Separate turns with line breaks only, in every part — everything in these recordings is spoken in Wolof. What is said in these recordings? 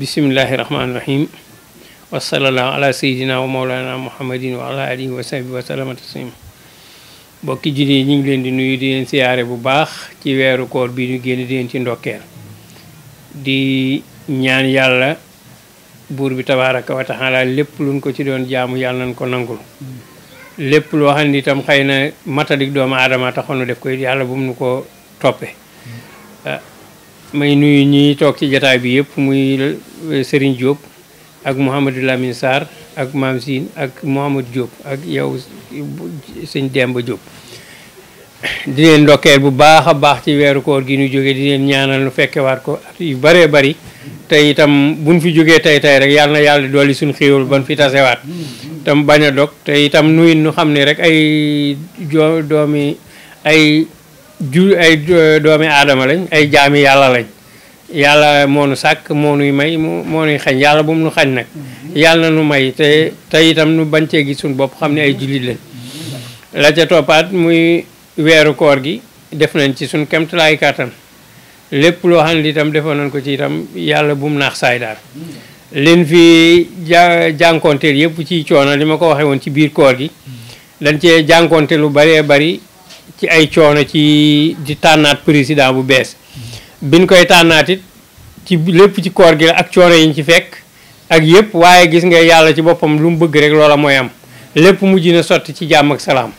bismillahi rahmaani rahim wa sallallahu ala muhammadin wa ala alihi wa sahbi wa salama taslima ñu ngi leen di nuyu di leen siyaare bu baax ci weeru koor bi ñu génn di leen ci ndokkeel di ñaan yàlla buur bi tabaraka wa taala lépp luñ ko ci doon jaamu yàlla nañ ko nangul lépp loo xam ne itam xëy na doomu aadama taxoon nu def koy yàlla bu mu nu ko toppe may nuyu ñi toog ci jataay bi yëpp muy eh, Serigne Diop ak Mouhamadou Lamine Sarr ak Mame Sine ak Mouhamadou Diop ak yow sëñ Demba Diop. di leen ndokkeel bu baax a baax ci weeru koor gi ñu jóge di leen ñaanal nu fekkewaat ko yu bëree bari te itam buñ fi jógee tey tey rek yàlla na yàlla dolli suñu xéewal ban fi tasewaat tam bañ a dog te itam nuyin nu xam ne rek ay jo doomi ay jul ay eh, doomi adama lañ ay jaami yalla lañ yàlla moonu sàkk moonuy may moonuy xañ yalla bu mu nu xañ nak yalla nu may te te itam nu bancee gi sun bop xamni ay julit lañ la ca topat muy wéru koor gi def nañ ci suñ kemtalaay kàttan lépp loo xam ne itam defo nañ ko ci itam yalla bu mu nax say daal len fi jankontel yépp ci ciona li ko ci biir koor gi dañ ci jànkonte lu bari bari ci ay coono ci di tànnaat président bu bees biñ koy tànnaat ci lépp ci koor gi la ak coono yiñ ci fekk ak yëpp waaye gis nga yàlla ci boppam lu mu bëgg rek loola mooy am lépp mujj na sotti ci jàmm ak salaam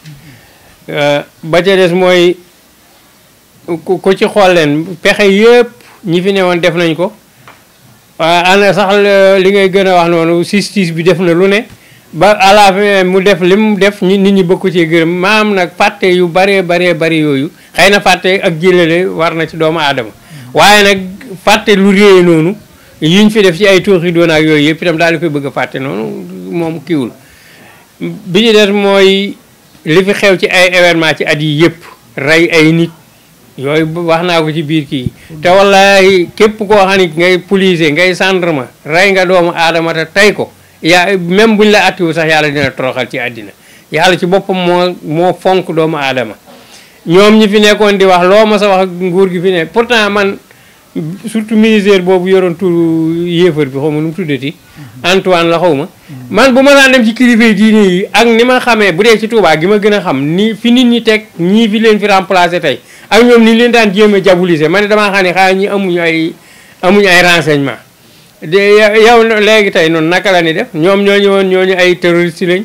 euh, ba ca des mooy ko ci xool leen pexe yëpp ñi fi ne woon def nañ ko waaye euh, ana sax li ngay gën a wax noonu justice bi def na lu ne ba à la fin mu def li mu def nit ñi bëgg ci gërëm maam nag fàtte yu baree baree bari yooyu xëy na fàtte ak jëlale war na ci doomu aadama waaye nag fàtte lu réy noonu yiñ fi def ci ay tooxi doon ak yooyu yëpp itam daal di koy bëgg a fàtte noonu moom kiiwul bi ñu des mooy li fi xew ci ay événement ci at yi yëpp rey ay nit yooyu wax naa ko ci biir kii te wallahi képp koo xam ngay police ngay gendarme rey nga doomu aadama te tey ko yaa même buñ la attiwu sax yàlla dina toroxal ci àddina yàlla ci boppam moo moo fonk doomu aadama ñoom ñi fi nekkoon di wax loo ma sa wax ak nguur gi fi ne pourtant man surtout ministère boobu yoroon tour yéefar bi xaw ma nu mu tuddati Antoine la xaw ma man bu ma daan dem ci kilifa yi diine yi ak ni ma xamee bu dee ci Touba gi ma gën a xam ni fi nit ñi teg ñii fi leen fi remplacé tey ak ñoom ni leen daan jéem a diaboliser ma ne damaa xam ne xaa ñi amuñu amuñu ay renseignement de yow léegi tey noonu naka la ni def ñoom ñoo woon ñooñu ay terroriste lañ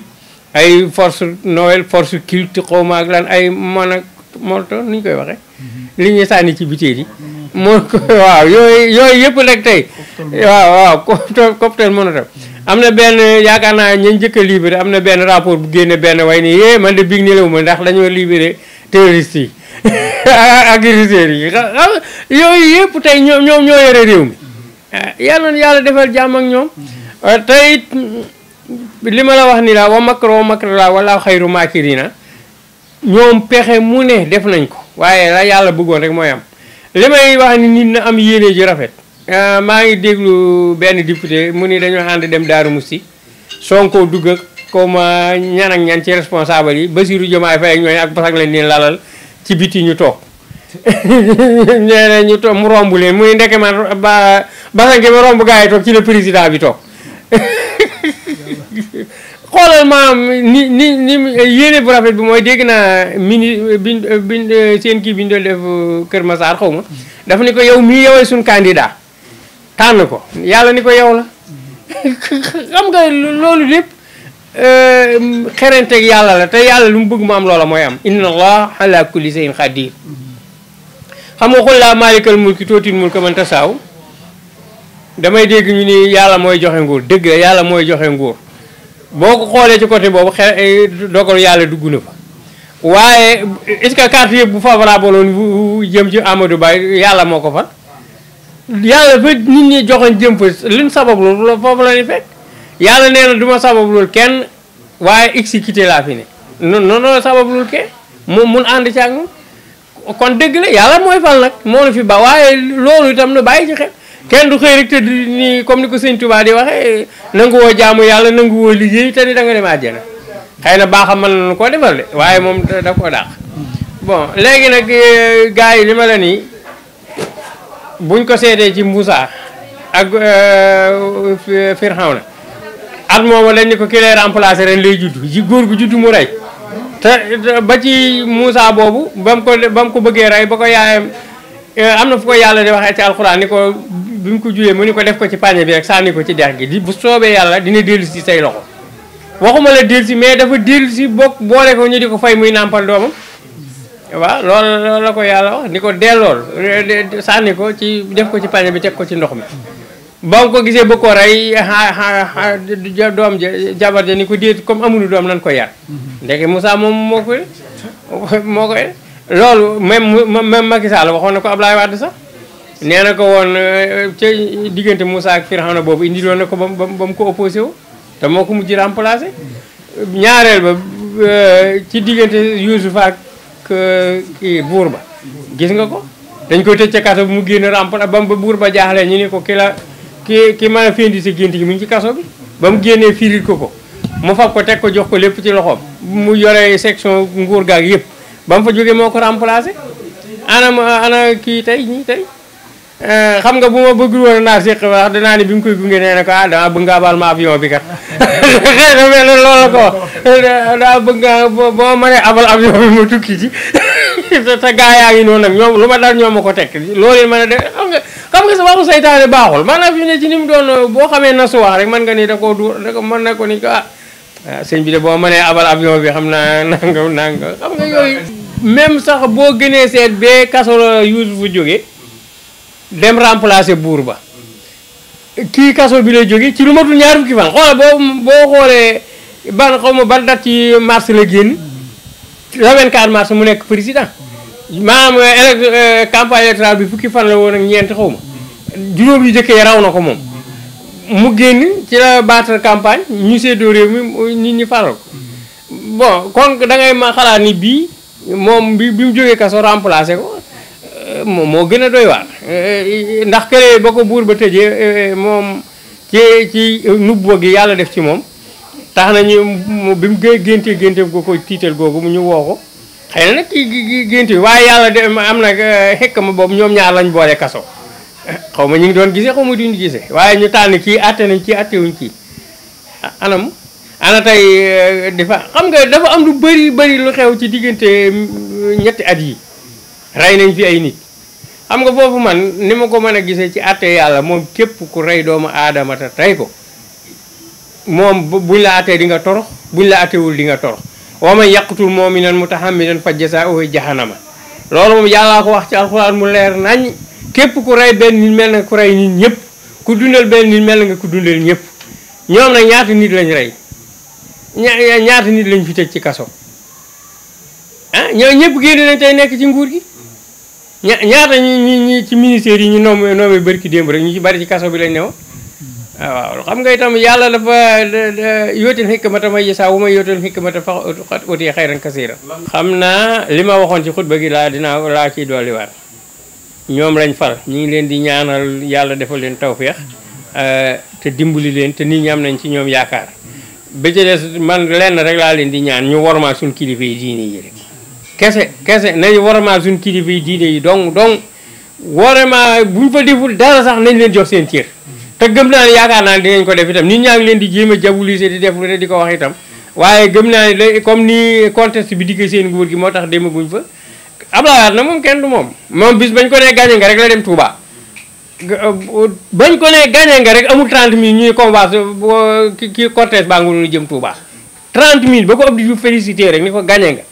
ay force noël force culte xawma ak lan ay mon ak molto nuñ koy waxee mm-hmm. li ñuy sànni ci biteel yi moo ko waaw yooyu yooyu yëpp rek tey waaw waaw cocktail molotov mm-hmm. am na benn yaakaar naa ñu njëkk a libéré am na benn rapport bu génne benn way ni yee man de big ni lewu ma ndax dañoo libéré terroriste yi yooyu yëpp tey ñoom ñoo yore réew mi yàlla yàlla defal jàmm ak ñoom te li ma la wax ni laa wa makra wa makra laa wala xayru maakirina ñoom pexe mu ne def nañ ko waaye la yàlla bëggoon rek mooy am li may wax ni nit na am yéene ji rafet maa ngi déglu benn député mu ni dañoo ànd dem Daaru Musti Sonko dugg ak comme ñan ak ñan ci responsable yi Bassirou Diomaye Faye ak ñooñu ak basak lañ leen lalal ci biti ñu toog ñu to mu romb leen muy ndeke ma ba basanke ba romb gars yi toog ci la président bi toog xoolal maam ni ni ni yéene bu rafet bi mooy dégg naa mini bi bi seen kii bi ñu doon def uh, Kër Massar xaw ma dafa ni ko yow mii yowee suñu candidat tànn ko yàlla ni ko yow la xam nga loolu lépp uh, xerenteeg yàlla la te yàlla lu mu bëgg mu am loola mooy am inna allah ala kulli shay'in xam nga xul laa maalikal mulki tuutil mulka man tasaaw damay dégg ñu ni yàlla mooy joxe nguur dëgg la yàlla mooy joxe nguur boo ko xoolee ci côté boobu xel eh, dogalu yàlla dugg na fa. waaye est-ce que carte yëpp bu favorable woon jëm ci Amadou Ba yàlla moo ko fan yàlla fa nit ñi joxoon jëm fa li mu sabab loolu foofu la fekk yàlla nee na du ma sabab loolu kenn waaye exécuté laa fi ne non sabab loolu kenn mu mun ànd ci ak moom kon dëgg la yàlla mooy fal nag moo nu fi ba waaye loolu itam na bàyyi ci xel kenn du xëy rek te ni comme ni ko sëñ Tuubaa di waxee nangu woo jaamu yàlla nangu woo liggéey te ni da nga dem àjjana xëy na baaxam mën nañu koo defal de waaye moom da koo dàq bon léegi nag eh, gars yi li ma la nii buñ ko seetee ci Moussa ak eh, Firxaw na at mooma lañ ni ko ki lay remplacé ren lay judd ji góor gu judd mu rey te ba ci Moussa boobu ba mu ko ba mu ko bëggee rey ba ko yaayam eh, am na fu ko yàlla di waxee ci alxuraan ni ko bi mu ko juyee mu ni ko def ko ci pañe bi rek sànni ko ci dex gi di bu soobee yàlla dina dellu si say loxo waxuma la dellu si mais dafa dellu si bokk boole ko ñu di ko fay muy nàmpal doomam waaw lool la ko yàlla wax ni ko dellool eh, sànni ko ci def ko ci pañe bi teg ko ci ndox mi ba mu ko gisee ba ko rey doom jabar ja ni ko déet comme amuñu doom nan ko yar mhm. ndeke musaa moom moo ko moo ko loolu même même Macky Sall waxoon na ko Ablaye Wade sax nee na ko woon euh, ca diggante Moussa ak na boobu indi doon na ko ba ba mu ko opposé wu te moo ko mujj remplacé ñaareel ba euh, ci diggante Youssouf ak euh, buur ba gis nga ko dañ koy tëj ca bu mu génn remplacé ba buur ba jaaxle ñu ne ko ki ki ki ma féndi si gént gi mu ci kaso bi ba mu génnee firil ko mu fab ko teg ko jox ko lépp ci loxoom mu yore section nguur gaag yëpp ba mu fa jógee moo ko remplacé ana ana kii tey ñii tey eh, xam nga bu ma bëgg woon naa séq wax bi mu koy gunge na ko bëgg nga abal ma na loolu ko daa bëgg nga boo mënee abal avion bi ma tukki ci te gaa yaa ngi noonu nag ñoom lu ma dal ñoom ma ko teg loolu it ma ne xam nga xam nga sa waxu saytaane baaxul maanaam fi ne ci ni mu doon boo xamee nasuwaa rek mën nga ni da koo du da ko mën na ko ni ko ah, ah sëñ bi de boo mënee abal avion bi xam naa nanga nanga xam nga yooyu même sax boo gënee seet bee kaso la Yuusufu jóge dem remplacer buur ba kii kaso bi lay jóge ci lu matul ñaar fukki fan xoola boo boo xoolee ban xaw ma ban ci mars la génn le mars mu nekk président maanaam euh, élec euh, campagne électorale bi fukki fan la woon ak ñeent xaw ma juróom yu jëkkee raw na ko moom mu génn ci la battre campagne ñu seddoo réew mi nit ñi faral ko bon kon da ngay ma xalaat ni bii moom bi bi mu jógee kaso remplacé ko euh, moom moo gën a doy waar ndax kële ba ko buur ba tëjee moom ci ci nubbo gi yàlla def ci moom tax nañu bi mu géntee génteem ko ko tiital googu mu ñu woo ko xëy na nag kii gént bi waaye yàlla de am na euh, xekk ma boobu ñoom ñaar lañ boole kaso xaw ma ñu ngi doon gisee xaw ma duñu gisee waaye ñu tànn kii àtte nañ kii àttewuñ kii anam ana tey euh, difa xam nga dafa am lu bari bari lu xew ci diggante euh, ñetti at yi rey nañ fi ay nit xam nga foofu man ni ma ko mën a gisee ci àtte yàlla moom képp ku rey doomu aadama te tey ko moom buñ la àttee di nga torox buñ la àttewul di nga torox moom wa man yaqtul mu'minan mutahammidan fa jazaa'uhu jahannama loolu moom yàllaa ko wax ci alxuraan mu leer nañ képp ku rey benn nit mel na ku rey nit ñëpp ku dundal benn nit mel na nga ku dundal ñëpp ñoom na ñaata nit lañ rey ñaata nit lañ fi tëj ci kaso ah ñoo ñëpp génn nañ tey nekk ci nguur gi ña ñaata ñu ñu ci ministère yi ñu nommé nommé bërki démb rek ñu ci bari ci kaso bi lañ new waaw xam nga itam yàlla dafa yóotil xikmata may saa wu ma yóotil xikmata fa xat uti xayran xam naa li ma waxoon ci xutba gi laa dinaa laa ciy dolliwaat ñoom lañ fal ñu ngi leen di ñaanal yàlla defal leen tawféex euh, te dimbali leen te nit ñi am nañ ci ñoom yaakaar ba ci des man lenn rek laa leen di ñaan ñu wormaal suñ kilifa yi diine yi rek kese kese nañu wormaal suñ kilifa yi diine yi dong dong wormaal bu fa deful dara sax nañ leen jox seen cër te gëm naa ne yaakaar naa ne dinañ ko def itam nit ñaa ngi leen di jéem a diaboliser di def lu ne di ko wax itam waaye gëm naa ne comme ni contexte bi dikkee seen nguur gi moo tax demaguñ fa Abdoulaye Wade na moom kenn du moom moom bis bañ ko nee gagné nga rek la dem Touba euh, bañ ko nee gagné nga rek amul 30 000 ñuy combat euh, ki ki cortège baa ngi jëm Touba 30 000 ba ko Abdou Diouf félicité rek ni ko gagné nga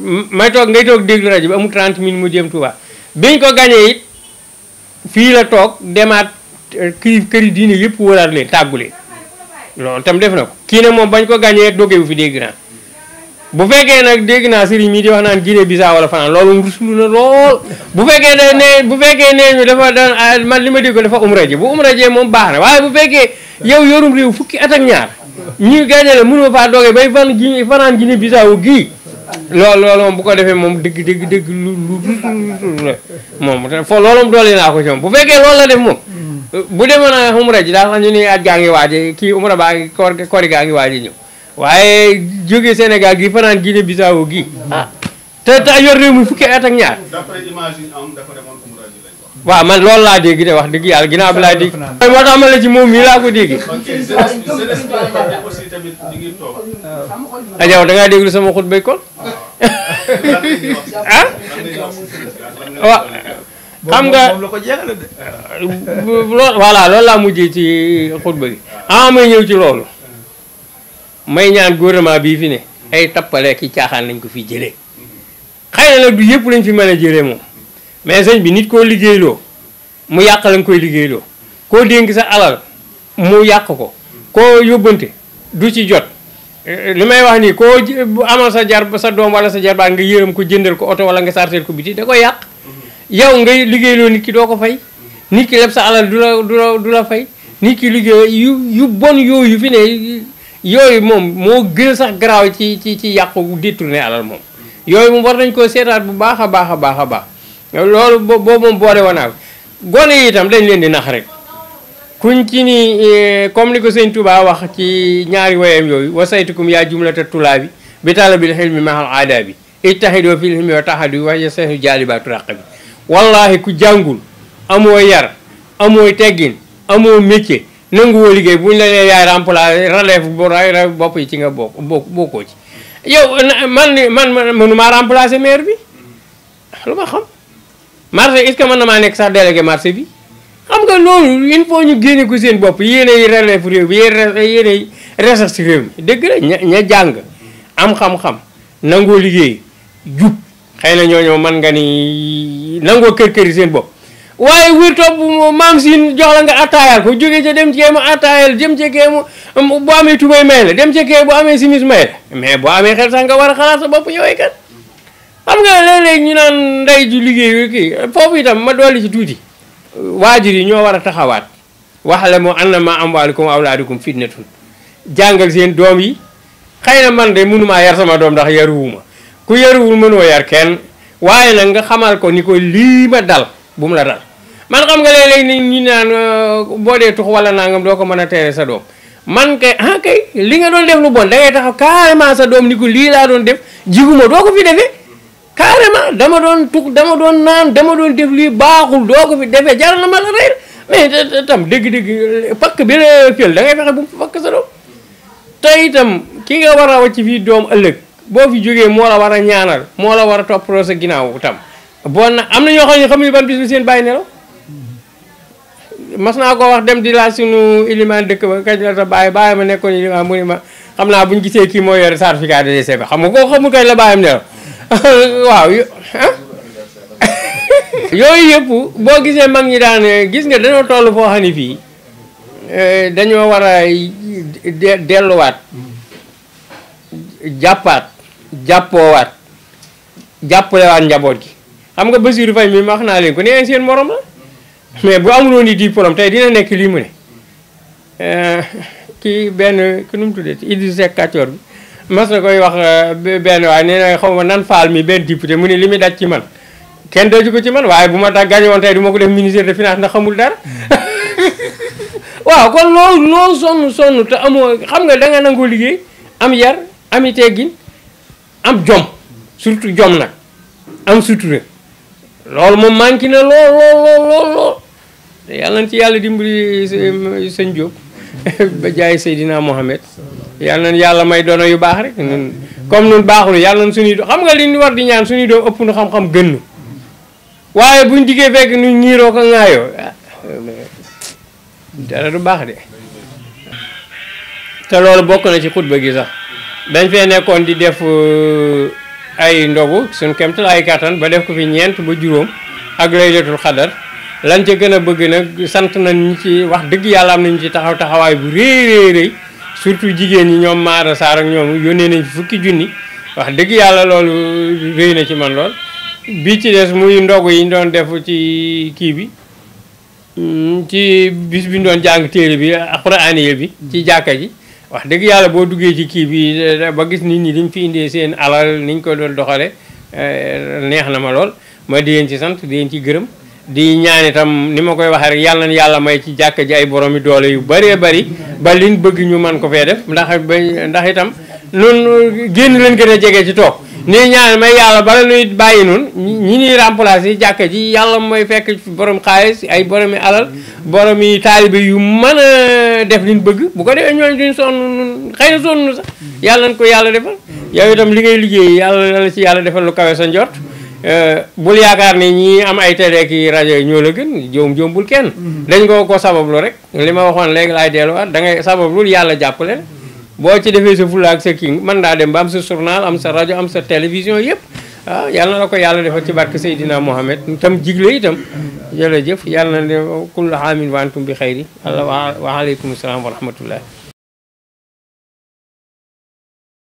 may toog ngay toog déglu rajo bi amul 30 000 mu jëm Touba biñ ko gagné it fii la toog demaat këri këri diine yëpp wëraat leen tàggu leen tam def na ko kii ne moom bañ ko gàñee dogewu fi dégg naa bu fekkee na dégg naa sëriñ mii di wax naan Guinée Bissau wala fanaan loolu ruslu na lool bu fekkee ne ne bu fekkee nee ñu dafa daan man li ma dégg dafa umra ji bu umra jee moom baax na waaye bu fekkee yow yorum réew fukki at ak ñaar ñu gàñee la mënuma faa doge bay fan gi fanaan Guinée Bissau gii loolu loolu moom bu ko defee moom dëgg dëgg dëgg lu lu ruslu la moom fo loolu ko ci moom bu fekkee loolu la def bu demoon umra ji daal ñu ni at gaa ngi waaje kii umra baa ngi koor koori gaa ngi waaje ñëw waaye jóge Sénégal gi fanaan Guinée Bissau gi ah te te yor fukki at ak ñaar d'après image yi am dafa demoon man loolu laa dégg de wax dëgg yàlla ginnaaw bi di dégg moo tax ma la ci moom mii laa ko dégg ah da ngaa déglu sama xut bay kon ah xam nga moom la ko jeexale laa mujjee ci xutba bi ah may ñëw ci loolu. may ñaan gouvernement bii fi ne. ay tappale ki caaxaan lañ ko fi jëlee. xëy na nag du yëpp lañ fi mën a jële moom. mais sëñ bi nit koo liggéeyloo mu yàq lañ koy liggéeyloo koo dénk sa alal mu yàq ko ko yóbbante du ci jot. Eh, li may wax nii koo amal sa jar sa doom wala sa jarbaat nga yërëm ko jëndal ko oto wala nga sarteel ko biti da koy yàq. yow ngay liggéeyloo nit ki doo ko fay nit ki leb sa alal du la du la du la fay nit ki liggéey yu yu bon yooyu fi ne yooyu moom moo gën sax garaaw ci ci ci yàqu détourné alal moom yooyu moom war nañ koo seetaat bu baax a baax a baax a baax loolu boobu moom boole wanaak gone yi itam dañ leen di nax rek kuñ ci ni eh, comme ni ko sëñ Touba wax ci ñaari woyam yooyu wasaytukum yaa jumlata tulaa bi bi talabil xilmi mahal aada bi ittaxidoo fil xilmi wa taxadu wa yasehu jaalibaatu raq bi wallahi ku jangul amo yar amo teggin amo métier nanguwoo liggéey bu ñu la lay yaay remplacé relève ray bop yi ci nga bok boko ci yow man man ma remplacer maire bi luma xam marché est-ce que man ma nek nekk sax délégué marché bi xam nga loolu une fois ñu génne ko seen bopp yi relève rew bi yéenay recherche réew mi la ña jang am xam-xam nangoo liggéey jub xeyna ñoño man nga ni nangoo kër këri seen bopp waaye wir topp maam siin jox la nga attaayal ko jóge ca dem ci kee mu attaayal jëm ca kee mu bu amee tubay may la dem ca kee bu amee simis may la mais bu amee xel sax nga war a xalaat sa bopp yooyu kat xam nga léeg-léeg naan ndey ju liggéey foofu itam ma dolli ci tuuti waajur yi ñoo war a taxawaat wax la moo annama amwaalukum awlaadukum fitnatun jàngal seen doom yi xëy na man de mënumaa yar sama doom ndax yaruwuma ku yaruwul mënoo yar kenn waaye nag nga xamal ko ni ko lii ma dal bu mu la dal man xam nga léeg-léeg ni ñu naan euh, boo dee tux wala nangam doo ko mën a teere sa doom man kay ah kay li nga doon def lu bon da ngay taxaw carrément sa doom ni ko lii laa doon def jiguma doo ko fi defee carrément dama doon tux dama doon naan dama doon def lii baaxul doo ko fi defee jar na ma la rey mais tam dégg-dégg pakk bi la fël da ngay fexe bu mu sa doom te itam ki nga war a wàcc fii doom ëllëg boo fi jógee moo la war a ñaanal moo la war a toppatoo sa ginnaaw tam boo na am na ñoo xam ne xamuñu ban bi seen bàyyi nelaw mas naa ko wax dem di laa suñu ilimaan dëkk ba kañ la sa bàyyi bàyyi ma nekkoon ilimaan ma xam naa bu buñ gisee kii moo yore certificat de décès xam nga koo xamul kañ la bàyyam nelaw waaw ah? yooyu yëpp boo gisee mag ñi daan gis nga dañoo toll foo xam ne fii eh, dañoo war a delluwaat jàppaat jàppoo waat jàppoowaat jàppalewaat njaboot gi xam nga Bassirou Faye mi wax naa leen ko nee seen morom la mais bu amuloon di diplôme te dina nekk lii mu ne kii benn ku nu mu tuddee Idrissa mas na koy wax eh, benn waaye nee na xaw ma nan faal mi benn député mu li muy daj ci man kenn daju ko ci man waaye bu ma da gañoon tey du ma ko def ministre de finance ndax xamul dara waaw kon loo loo sonn sonn te amoo xam nga da nga nangoo liggéey am yar ami teggin am jom surtout jom nag am sutura loolu moom manqué na lool lool lool lool yàlla na ci yàlla dimbali sëñ Diop ba jaay Seydina Mohamed yàlla na yàlla may dono yu baax rek ñun comme ñun baaxul yàlla na suñuy doom xam nga li ñu war di ñaan suñuy doom ëpp nu xam-xam gën ñu waaye buñ diggee fekk ñu ñiiroo ko ŋaayoo ah, dara du baax de te loolu bokk na ci xutba gi sax dañ fee nekkoon di def euh, ay ndogu suñ kemtal ay kattan ba def ko fi ñeent ba juróom ak laylatul xadar lan ca gën a bëgg nag sant nañ ñu ci wax dëgg yàlla am nañu ci taxaw taxawaay bu rëy rëy rëy surtout jigéen ñi ñoom Maara Sarr ak ñoom yónnee nañ fukki junni wax dëgg yàlla loolu rëy na ci man lool bii ci des muy ndogu yi ñu doon defu ci kii bi mm, ci bis bi ñu doon jàng téere bi alxuraan bi ci jàkka ji wax dëgg yàlla boo duggee ci kii bi eh, ba gis nit ñi liñ fi indee seen alal niñ ko doon doxale eh, neex na ma lool ma di leen ci sant di ci gërëm di ñaan itam ni ma koy waxee rek yàlla na yàlla may ci jàkk ji ay borom doole yu baree bëri ba liñ bëgg ñu man ko fee def ndax ba ndax itam noonu génn leen gën a jege ci toog nii ñaan may yàlla bala nuy bàyyi nun ñi ñuy remplacer yi jàkka ji yàlla mooy fekk borom xaalis ay boromi alal boromi taalibe yu mën a def liñ bëgg bu ko defee ñooñu duñ sonn nun xëy na sonn sax yàlla nañ ko yàlla defal yow itam li ngay liggéey yàlla la si yàlla defal lu kawe sa njort euh, bul yaakaar ni ñi am ay télé ki rajo yi ñoo la gën joom joom bul kenn mm-hmm. dañ ko ko sabablu rek li ma waxoon léegi laay delluwaat da ngay sabablul yàlla jàppale boo ci defee sa fulla ak sa kii mën ngaa dem ba am sa journal am sa rajo am sa télévision yëpp ah yàlla na la ko yàlla defal ci barke Seydina Mohamed tam jigle itam jëf yàlla na ne kullu aamin wa antum bi xayri allah wa aleykum salaam wa rahmatullah